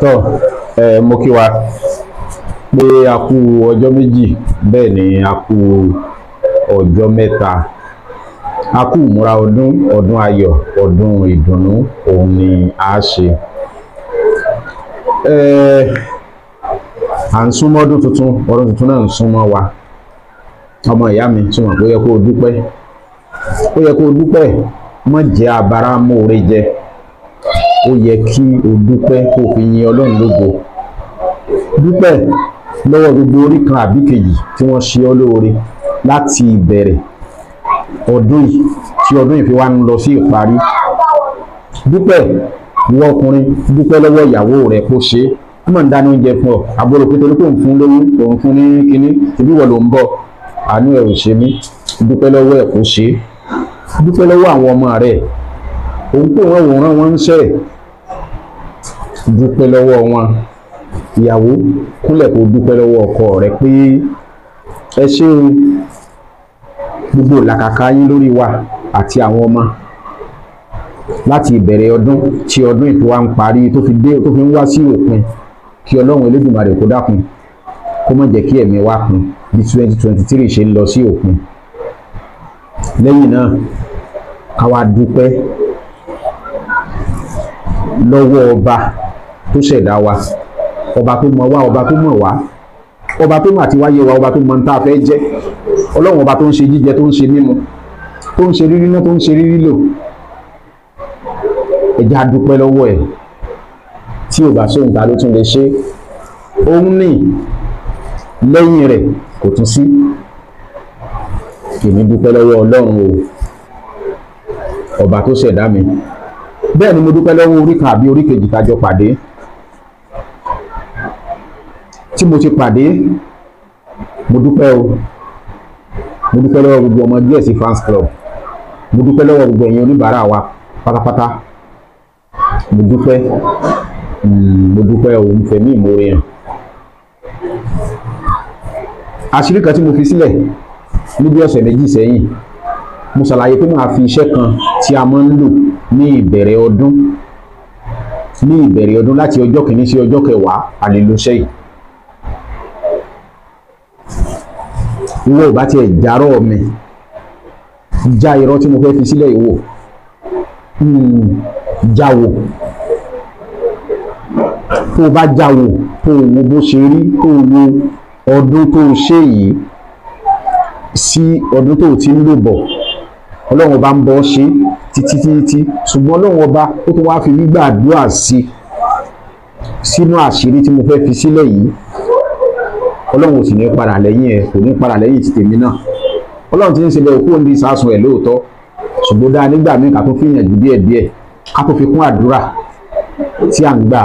tọ́ ẹ mo kí wa pé a kú ọjọ́ méjì bẹ́ẹ̀ ni a kú ọjọ́ mẹ́ta a kú ìmúra ọdún ọdún ayọ̀ ọdún ìdùnnú òun ni a ṣe à ń tuntun ọdún tuntun náà ń súnmọ́ wa ọmọ ìyá mi túmọ̀ pé ó yẹ kó o dúpẹ́ ó yẹ kó abara ó yẹ kí o dúpẹ́ kó o fi yin ọlọ́run lógo dúpẹ́ lọ́wọ́ gbogbo orí kan àbí kejì tí wọ́n ṣe ọ́ lóore láti ìbẹ̀rẹ̀ ọdún yìí tí ọdún yìí fi wá ń lọ sí ìparí dúpẹ́ ìwọ ọkùnrin dúpẹ́ lọ́wọ́ ìyàwó rẹ̀ kó ṣe é wọ́n mọ̀ ń dáná oúnjẹ fún ọ àbúrò pé torí pé òun fún lówó òun fún ní kínní ibi wọ̀ ló ń bọ̀ àánú ẹ̀ ṣe mí dúpẹ́ lọ́wọ́ ẹ̀ kó ṣe dúpẹ́ lọ́wọ́ àwọn ọmọ rẹ̀ òun pè wọ́n wòran wọn ń ṣẹ́ dúpẹ́ lọ́wọ́ wọn ìyàwó kúnlẹ̀ kó dúpẹ́ lọ́wọ́ ọkọ rẹ̀ pé ẹ ṣé o gbogbo làkàkà yín lórí wa àti àwọn ọmọ láti ìbẹ̀rẹ̀ ọdún tí ọdún ètò wa ń parí tó fi dé tó fi ń wá sí òpin kí ọlọ́run elédùnmarè kó dákun kó má jẹ́ kí ẹ̀mí wa kún bí twenty twenty three ṣe ń lọ sí òpin lẹ́yìn náà ká wá dúpẹ́ lọ́wọ́ ọba tó ṣẹ̀dá wa ọba tó mọ̀ wá ọba tó mọ̀ wá ọba tó mọ̀ àti wáyé wa ọba tó mọ̀ níta fẹ́ jẹ́ ọlọ́run ọba tó ń ṣe jíjẹ tó ń ṣe mímu tó ń ṣe rírí náà tó ń ṣe rírí lò ẹ̀jẹ̀ dúpẹ́ lọ́wọ́ ẹ̀ tí ò bá sóhun ta ló tún lè ṣe òun ní lẹ́yìn rẹ̀ kò tún sí èmi dúpẹ́ lọ́wọ́ ọlọ́run o ọba tó ṣẹ̀dá mi bẹ́ẹ̀ ni mo dúpẹ́ lọ́wọ́ orí kan àbí orí kejì tájọ pàdé tí mo ti pàdé mo dúpẹ́ o mo dúpẹ́ lọ́wọ́ gbogbo ọmọ díẹ̀ sí fans club mo dúpẹ́ lọ́wọ́ gbogbo ẹ̀yin oníbàárà wa pátápátá mo dúpẹ́ mo dúpẹ́ o mo fẹ̀mí ìmoore hàn àṣírí kan tí mo fi sílẹ̀ níbi ọ̀sẹ̀ méjì sẹ́yìn mo ṣàlàyé pé màá fi iṣẹ́ kan tí a máa ń lò ní ìbẹ̀rẹ̀ ọdún ní ìbẹ̀rẹ̀ ọdún láti ọjọ́ kìíní sí ọjọ́ kẹwàá àlelóṣẹ́ yìí ìwọ ò bá tiẹ̀ járọ̀ mi já irọ́ tí mo fẹ́ fi sílẹ̀ ìwò hmm, já wò tó o bá já wò tó o wo bó ṣe rí tó o wo ọdún tó o ṣe yìí sí ọdún tó o ti ń lò bọ̀ ọlọ́run bá ń bọ́ ṣe é títí títí ṣùgbọ́n lóun ọba ó tún wáá fi gbígbàdúrà sí sínú àṣírí tí mo fẹ́ fi sílẹ̀ yìí ọlọ́run ò sì ní padà lẹ́yìn ẹ̀ kò ní padà lẹ́yìn ti tèmi náà ọlọ́run ti ń ṣe lẹ́yìn kó ń di ìsásùn ẹ̀ lóòótọ́ ṣùgbọ́n dáa nígbà míì ká tó fi yànjú díẹ̀ díẹ̀ ká tó fi kún àdúrà tí à ń gbà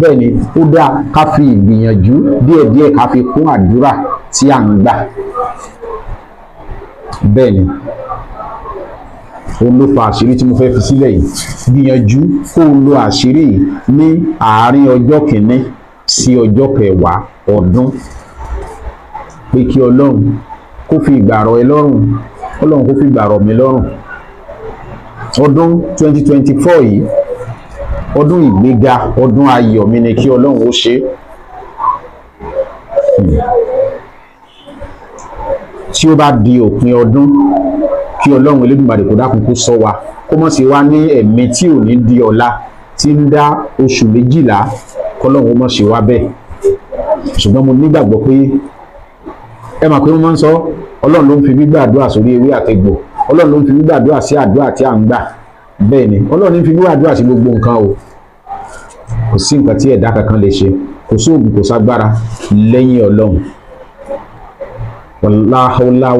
bẹ́ẹ̀ ni ó dáa ká fi ìgbìyànjú díẹ̀ díẹ̀ ká fi kún àdúrà tí à ń gbà bẹ́ẹ̀ ni òun ló fa àṣírí tí mo fẹ́ fi sílẹ̀ yìí gbìyànjú kó o lo àṣírí yìí ní àárín ọjọ́ kìíní sí ọjọ́ kẹwàá ọdún pé kí ọlọ́run kó fi ìgbàrọ̀ ẹ lọ́rùn ọlọ́run kó fi ìgbàrọ̀ mi lọ́rùn ọdún 2024 yìí ọdún ìgbéga ọdún ayọ̀ mi ni kí ọlọ́run ó ṣe tí ó bá di òpin ọdún kí ọlọ́run elédùnmarè kó dákun kó ṣọ́ wa kó mọ̀ sí wa ní ẹ̀mí tí ò ní di ọ̀la tí ń dá oṣù méjìlá kọ́lọ́run ó mọ̀ sí wa bẹ́ẹ̀ ṣùgbọ́n mo nígbàgbọ́ pé ẹ mà pé wọ́n máa ń sọ ọlọ́run ló ń fi gbígbàdúrà sórí ewé àtẹ̀gbò ọlọ́run ló ń fi gbígbàdúrà sí àdúrà tí à ń gbà bẹ́ẹ̀ ni ọlọ́run ń fi gbígbàdúrà sí gbogbo nǹkan o kò sí nǹkan tí ẹ̀dá kankan lè ṣe kò sí oògùn kò ságbára lẹ́yìn ọlọ́run láhàúlá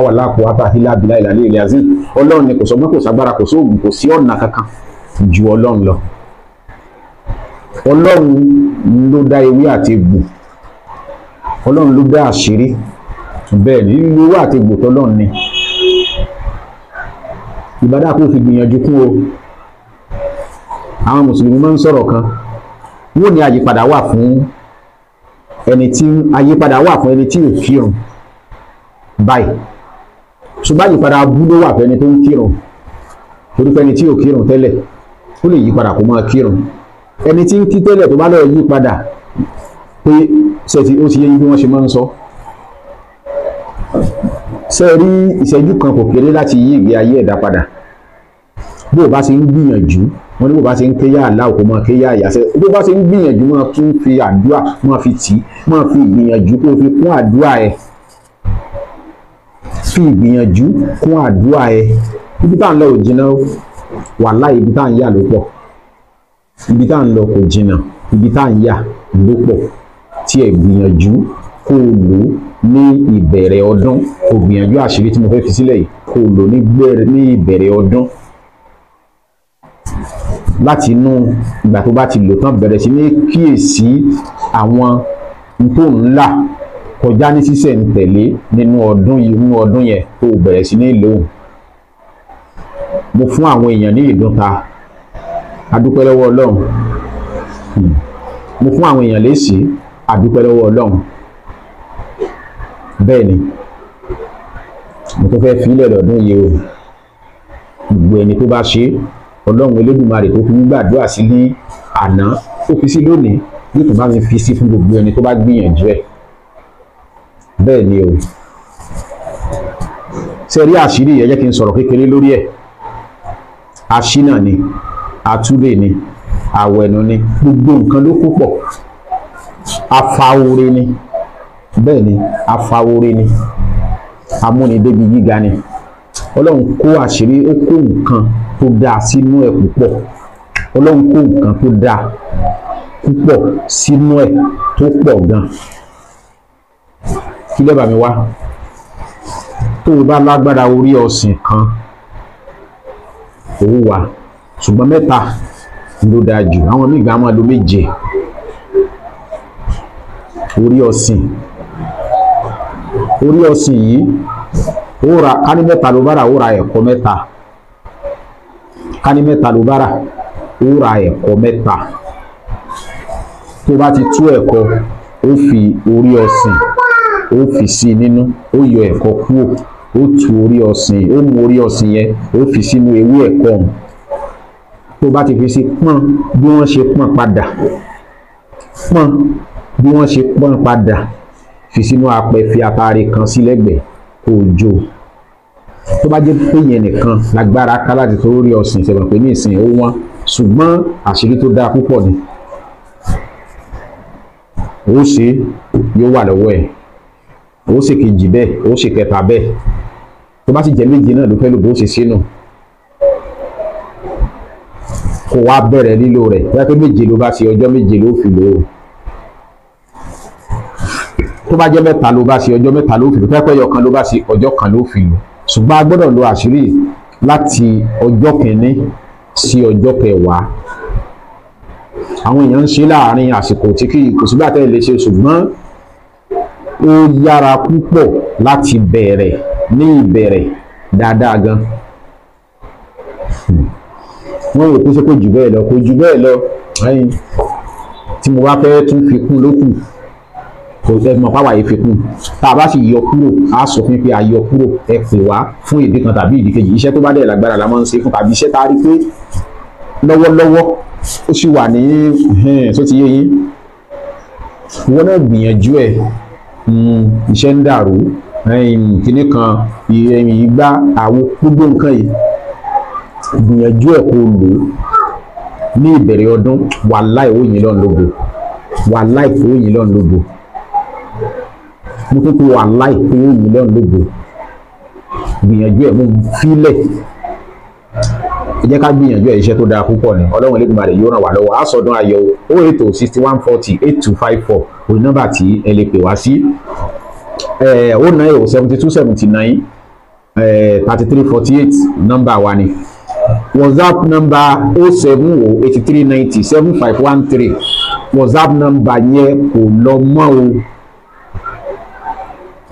wàláàkú àtàhílà bílá ìlàlẹ́ ilẹ̀ azeez ọlọ́run ni kò sọ pé kò ságbára kò sóògùn kò sí ọ̀nà kankan ju ọlọ́run lọ ọlọ́run ló dá ewé àti egbò ọlọ́run ló dá àṣírí bẹ́ẹ̀ ni lílo owó àti egbò tọ́lọ́run ni ìbádà kò fi gbìyànjú kún o àwọn mùsùlùmí máa ń sọ̀rọ̀ kan wọ́n ní àyípadà wà fún ẹni tí àyípadà wà fún ẹni tí ò kírun báyìí ṣùgbọ́n àyípadà abúlé wà fún ẹni tó ń kírun torí pé ẹni tí ò kírun tẹ́lẹ̀ ó lè yí padà kó máa kírun ẹni tí ń kí tẹ́lẹ̀ tó bá lọ́ọ́ yí padà pé sẹ́ẹ̀tì ó ti yé bí wọ́n ṣe máa ń sọ ṣe rí ìṣẹ́jú kan kò kéré láti yí ìgbé ayé ẹ̀dá padà bó o bá ṣe ń gbìyànjú wọn ní bó bá ṣe ń kéyà aláwọ kó máa kéyà ìyàsẹ bó bá ṣe ń gbìyànjú máa tún fi àdúrà máa fi tì í máa fi ìgbìyànjú kó fi kún àdúrà ẹ fi ìgbìyànjú kún àdúrà ẹ ibi tá à ń lọ ò jìnnà wàhálà ibi tá à ń yà ló pọ̀ ibi tá à ń lọ kò jìnnà ibi tá à ń yà ló pọ̀ tí ẹ gbìyànjú kó o lò ní ìbẹ̀rẹ̀ ọdún kò gbìyànjú àṣírí tí mo fẹ́ fi sílẹ̀ yìí kó o lò ní ìbẹ̀rẹ̀ ọdún láti inú ìgbà tó bá ti lò tán bẹ̀rẹ̀ sí ní kíyèsí àwọn tó ń là kọjá ní sísẹ̀ ń tẹ̀lé nínú ọdún yìí nínú ọdún yẹn tó bẹ̀rẹ̀ sí ní lòun mo fún àwọn èèyàn ní ìdúnta adúpẹ́ lọ́wọ́ ọlọ́run hmm. mo fún àwọn èèyàn lésì adúpẹ́ ọlọ́run bẹ́ẹ̀ ni mo tó fẹ́ fi ilẹ̀ lọ́dún yìí o gbogbo ẹni tó bá ṣe é ọlọ́run elédùnmarè tó fi gbàdúrà sí ní àná tó fi sí lónìí yóò tún bá mi fi sí fún gbogbo ẹni tó bá gbìyànjú ẹ̀ bẹ́ẹ̀ ni o ṣe rí àṣírí yẹn jẹ́ kí n sọ̀rọ̀ kékeré lórí ẹ̀ àṣínà ni àtúlẹ̀ ni àwẹ̀nu ni gbogbo nǹkan ló kó pọ̀ afaore ni bẹ́ẹ̀ ni afaore ni amúnidébi gíga ni ọlọ́run kó àṣírí ó kó nǹkan tó dáa sínú ẹ̀ púpọ̀ ọlọ́run kó nǹkan tó dáa púpọ̀ sínú ẹ̀ tó pọ̀ gan kí lẹ́bàá mi wá tó o bá lágbára orí ọ̀sìn kan òun wà ṣùgbọ́n mẹ́ta ló dáa jù àwọn míì gan máa lo méje orí ọ̀sìn orí ọ̀sìn yìí ó ra ká ní mẹ́ta ló bá rà ó ra ẹ̀kọ́ mẹ́ta ká ní mẹ́ta ló bá rà ó ra ẹ̀kọ́ mẹ́ta tó bá ti tú ẹ̀kọ́ ó fi orí ọ̀sìn ó fi sí i nínú ó yọ ẹ̀kọ́ kúrò ó tu orí ọ̀sìn ó mú orí ọ̀sìn yẹn ó fi sínú ewé ẹ̀kọ́ ọ̀hún tó bá ti fi sí pọ́n bí wọ́n ṣe pọ́n padà pọ́n bí wọ́n ṣe pọ́n padà fi sínú apẹ fi àtàrí kan sí lẹ́gbẹ̀ẹ́ kó tó bá jẹ́ pé yẹn nìkan lágbára ká láti tó rí ọ̀sìn ìṣẹ̀bà pé ní ìsìn ó wọ́n ṣùgbọ́n àṣírí tó dáa púpọ̀ ni ó ṣe yóò wà lọ́wọ́ ẹ̀ ó ṣe kejì bẹ́ẹ̀ ó ṣe kẹta bẹ́ẹ̀ tó bá sì jẹ́ méje náà ló fẹ́ lò bó ṣe sínú kó wá bẹ̀rẹ̀ lílo rẹ̀ bóyá pé méje ló bá ṣe ọjọ́ méje ló fi lò ó tó bá jẹ́ mẹ́ta ló bá ṣe ọjọ́ mẹ́ta ló fi lò pẹ́pẹ́yọ kan ló bá ṣe ọjọ́ kan ló fi lò ó ṣùgbọ́n a gbọ́dọ̀ lo àṣírí láti ọjọ́ kìíní sí ọjọ́ kẹwàá àwọn èèyàn ń ṣe láàrin àsìkò tí kì í kò sígbà tẹ́lẹ̀ lè ṣe ṣùgbọ́n ó yára púpọ̀ láti bẹ̀rẹ̀ ní ìbẹ̀rẹ̀ dáadáa gan wọ́n rò pé ṣé kò jù bẹ́ẹ̀ lọ kò jù bẹ́ẹ̀ lọ tí mo bá fẹ́ tún fi kún lókù mọ̀ páwa yìí fi kún tá a bá sì yọ kúrò á sọ fún pé a yọ kúrò ẹ pè wá fún ìdí kan tàbí ìdí kejì iṣẹ́ tó bá dẹ̀ lágbára la máa ń ṣe fún tàbí iṣẹ́ tá a rí pé lọ́wọ́lọ́wọ́ ó sì wà ní tó ti yé yín wọn náà gbìyànjú ẹ̀ hmm, iṣẹ́ ń dàrú kíní kan ìgbà àwọn gbogbo nǹkan yìí gbìyànjú ẹ̀ kó lò ó ní ìbẹ̀rẹ̀ ọdún wàláì ó yìn lọ́nlọ́gbò wàláì ó yìn lọ́nlọ́gbò mo tún ti wà láìpé mílíọ̀nù lóde gbìyànjú ẹ̀ mo fílẹ̀ ẹ jẹ́ ká gbìyànjú ẹ̀ iṣẹ́ tó dáa púpọ̀ ni ọlọ́run elégbèmọ̀lẹ̀ yóò ràn wá lọ́wọ́ àsọdún ayọ̀ o eight oh sixty one forty eight two five four òní nọ́mbà tí ẹ lè pè wá sí o oh nine oh seventy two seventy nine thirty three forty eight nọ́mbà wa ni whatsapp number o oh seven O oh eighty three ninety seven five one three whatsapp number yẹn kò lọ mọ́ o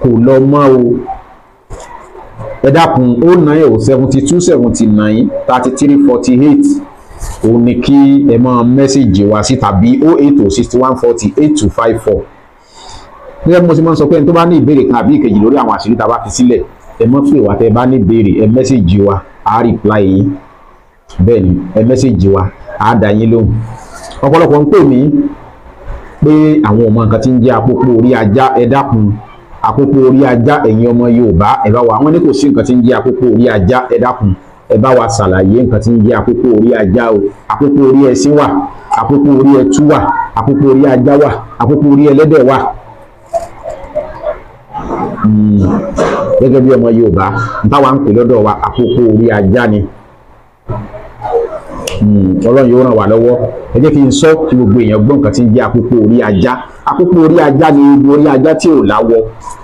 kò lọ mọ́ o ẹ dákun ó nine o seventy two seventy nine thirty three forty eight ó ní kí ẹ máa mẹ́sẹ̀gì wá sí tàbí o oh eight o oh sixty one forty eight two five four gẹ́gẹ́ bí mo ti máa ń sọ pé ẹni tó bá ní ìbéèrè kan àbí ìkejì lórí àwọn àṣírí tá a bá fi sílẹ̀ ẹ mọ́ pé wà tẹ́ ẹ bá ní ìbéèrè ẹ mẹ́sẹ̀gì wa á reply yín bẹ́ẹ̀ ni ẹ mẹ́sẹ̀gì wa á dá yín lóhùn ọ̀pọ̀lọpọ̀ ń pè mí pé àwọn ọmọ nǹkan ti ń jẹ́ àpòpò orí ajá ẹ dákun àkókò orí ajá ẹ̀yin ọmọ Yorùbá ẹ bá wa àwọn ní kò sí nǹkan tí ń jẹ́ àkókò orí ajá ẹ dákun ẹ bá wa ṣàlàyé nǹkan tí ń jẹ́ àkókò orí ajá o àkókò orí ẹṣin wà àkókò orí ẹtú wà àkókò orí ajá wà àkókò orí ẹlẹ́dẹ̀ wà. Hmm, gẹ́gẹ́ bí ọmọ Yorùbá báwa ń pè lọ́dọ̀ wa àkókò orí ajá ni hmm, Ọlọ́run yóò ràn wá lọ́wọ́ ẹ jẹ́ kí n sọ kí gbogbo èèyàn gbọ́ nǹkan tí ń jẹ́ àkókò orí ajá àkókò orí ajá ni egun orí ajá tí ò láwọ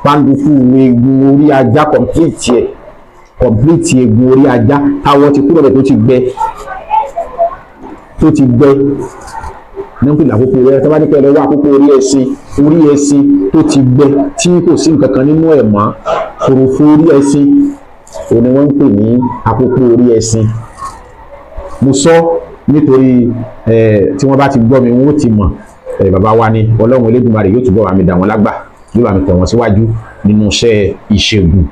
pàǹdùkú egun orí ajá kọ̀m̀pìlìtì ẹ̀ kọ̀m̀pìlìtì egun orí ajá táwọn ti kúrò rẹ̀ tó ti gbẹ tó ti gbẹ nípìn àkókò rẹ̀ tó bá ní pẹ̀lú àkókò orí ẹṣin orí ẹṣin tó ti gbẹ tí kò sí nǹkan kan nínú ẹ̀ mọ́ kòròfo orí ẹṣin òun ni wọ́n ń pè ní àkókò orí ẹṣin mo sọ nítorí tí wọ́n bá ti gbọ́ mi wọ́n ti mọ̀ Eh, bàbá wa ni ọlọ́run Elédùmarè yóò túbọ̀ àmì dà wọ́n lágbà yóò àmì tẹ̀ wọ́n síwájú nínú iṣẹ́ ìṣègùn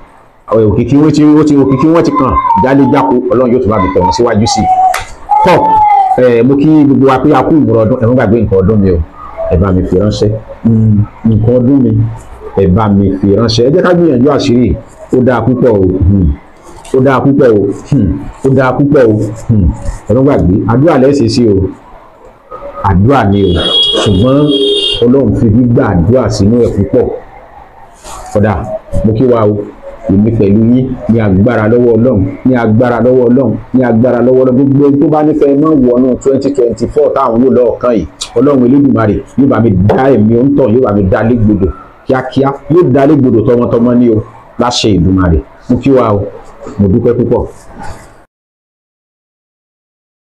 òkìkí wọ́n ti wọ́n ti òkìkí wọ́n ti kàn jálégbáko ọlọ́run yóò túbọ̀ àmì tẹ̀ wọ́n síwájú sí i tọ́ eh, mo kí gbogbo wa pé a kú ìmúra ọdún ẹ̀rọ gbàgbé nǹkan ọdún mi o ẹ bá mi fi ránṣẹ́ nǹkan ọdún mi ẹ bá mi fi ránṣẹ́ ẹ jẹ́ ká gbìyànjú àṣírí ó dáa púpọ̀ o hmm. ó dáa púpọ̀ o hmm. ó dáa púpọ̀ o hmm. ẹ̀rọ gbàgbé àdúrà lẹ́sẹ̀ sí o àdúrà ni o ṣùgbọ́n ọlọ́run fi gbígbà àdúrà sínú ẹ̀ púpọ̀ kódà mo kí wa o èmi pẹ̀lú yín ní agbára lọ́wọ́ ọlọ́run ní agbára lọ́wọ́ ọlọ́run ní agbára lọ́wọ́ ọlọ́run gbogbo tó bá nífẹ̀ẹ́ mọ́ wọnú twenty twenty four táwọn wò lọ́ọ̀kan yìí ọlọ́run elédùnmarè yóò bá mi dá ẹ̀mí òǹtọ̀ yóò bá mi dá légbodò kíákíá yóò dá légbodò tọmọtọmọ ní o láṣẹ Èdùmàrè mo kí wa o mo dúpẹ́ púpọ̀.